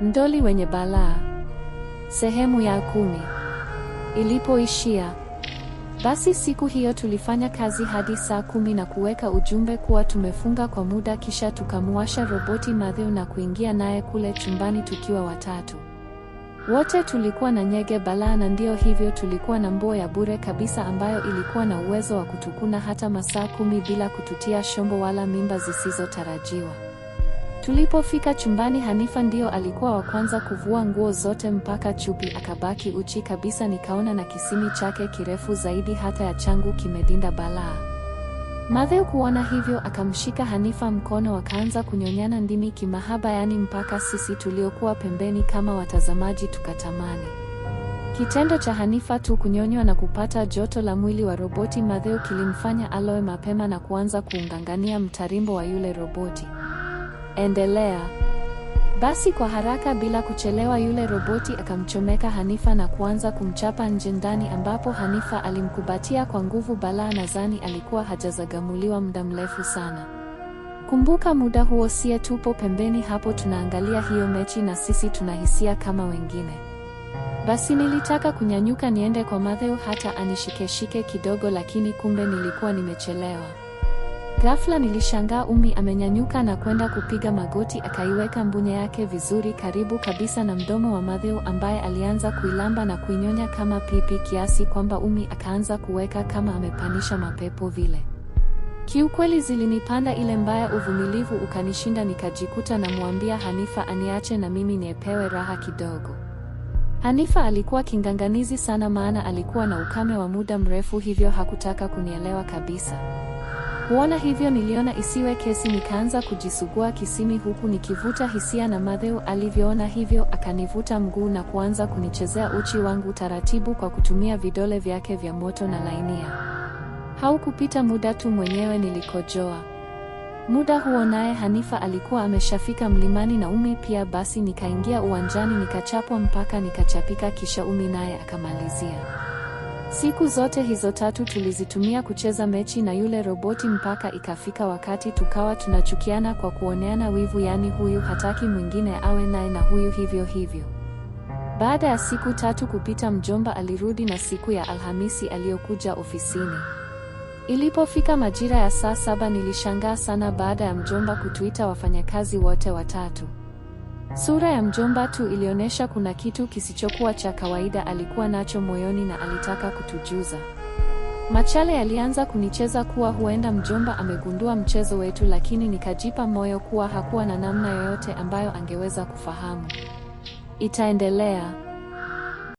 Mdoli wenye balaa. Sehemu ya kumi. Ilipoishia. Basi siku hiyo tulifanya kazi hadi saa kumi na kuweka ujumbe kuwa tumefunga kwa muda, kisha tukamwasha roboti Matthew na kuingia naye kule chumbani tukiwa watatu. Wote tulikuwa na nyege balaa, na ndiyo hivyo tulikuwa na mbuo ya bure kabisa ambayo ilikuwa na uwezo wa kutukuna hata masaa kumi bila kututia shombo wala mimba zisizotarajiwa. Tulipofika chumbani Hanifa ndiyo alikuwa wa kwanza kuvua nguo zote mpaka chupi akabaki uchi kabisa. Nikaona na kisimi chake kirefu zaidi hata ya changu kimedinda balaa. Matheo kuona hivyo akamshika Hanifa mkono wakaanza kunyonyana ndimi kimahaba, yani mpaka sisi tuliokuwa pembeni kama watazamaji tukatamani. Kitendo cha Hanifa tu kunyonywa na kupata joto la mwili wa roboti Matheo kilimfanya aloe mapema na kuanza kuungangania mtarimbo wa yule roboti. Endelea. Basi kwa haraka bila kuchelewa yule roboti akamchomeka Hanifa na kuanza kumchapa nje ndani ambapo Hanifa alimkubatia kwa nguvu Balaa nadhani alikuwa hajazagamuliwa muda mrefu sana. Kumbuka muda huo sie tupo pembeni hapo tunaangalia hiyo mechi na sisi tunahisia kama wengine. Basi nilitaka kunyanyuka niende kwa Matheo hata anishikeshike kidogo lakini kumbe nilikuwa nimechelewa. Ghafla nilishangaa umi amenyanyuka na kwenda kupiga magoti akaiweka mbunye yake vizuri karibu kabisa na mdomo wa Mathew ambaye alianza kuilamba na kuinyonya kama pipi kiasi kwamba umi akaanza kuweka kama amepanisha mapepo vile. Kiukweli zilinipanda ile mbaya, uvumilivu ukanishinda, nikajikuta namwambia Hanifa aniache na mimi niepewe raha kidogo. Hanifa alikuwa kinganganizi sana, maana alikuwa na ukame wa muda mrefu, hivyo hakutaka kunielewa kabisa. Kuona hivyo niliona isiwe kesi, nikaanza kujisugua kisimi huku nikivuta hisia, na Matheo alivyoona hivyo akanivuta mguu na kuanza kunichezea uchi wangu taratibu kwa kutumia vidole vyake vya moto na lainia. Haukupita muda tu mwenyewe nilikojoa. Muda huo naye Hanifa alikuwa ameshafika mlimani na Umi pia. Basi nikaingia uwanjani nikachapwa mpaka nikachapika, kisha Umi naye akamalizia. Siku zote hizo tatu tulizitumia kucheza mechi na yule roboti mpaka ikafika wakati tukawa tunachukiana kwa kuoneana wivu, yaani huyu hataki mwingine awe naye na huyu hivyo hivyo. Baada ya siku tatu kupita, mjomba alirudi na siku ya Alhamisi aliyokuja ofisini. Ilipofika majira ya saa saba nilishangaa sana baada ya mjomba kutuita wafanyakazi wote watatu. Sura ya mjomba tu ilionyesha kuna kitu kisichokuwa cha kawaida alikuwa nacho moyoni na alitaka kutujuza. Machale alianza kunicheza kuwa huenda mjomba amegundua mchezo wetu, lakini nikajipa moyo kuwa hakuwa na namna yoyote ambayo angeweza kufahamu. Itaendelea.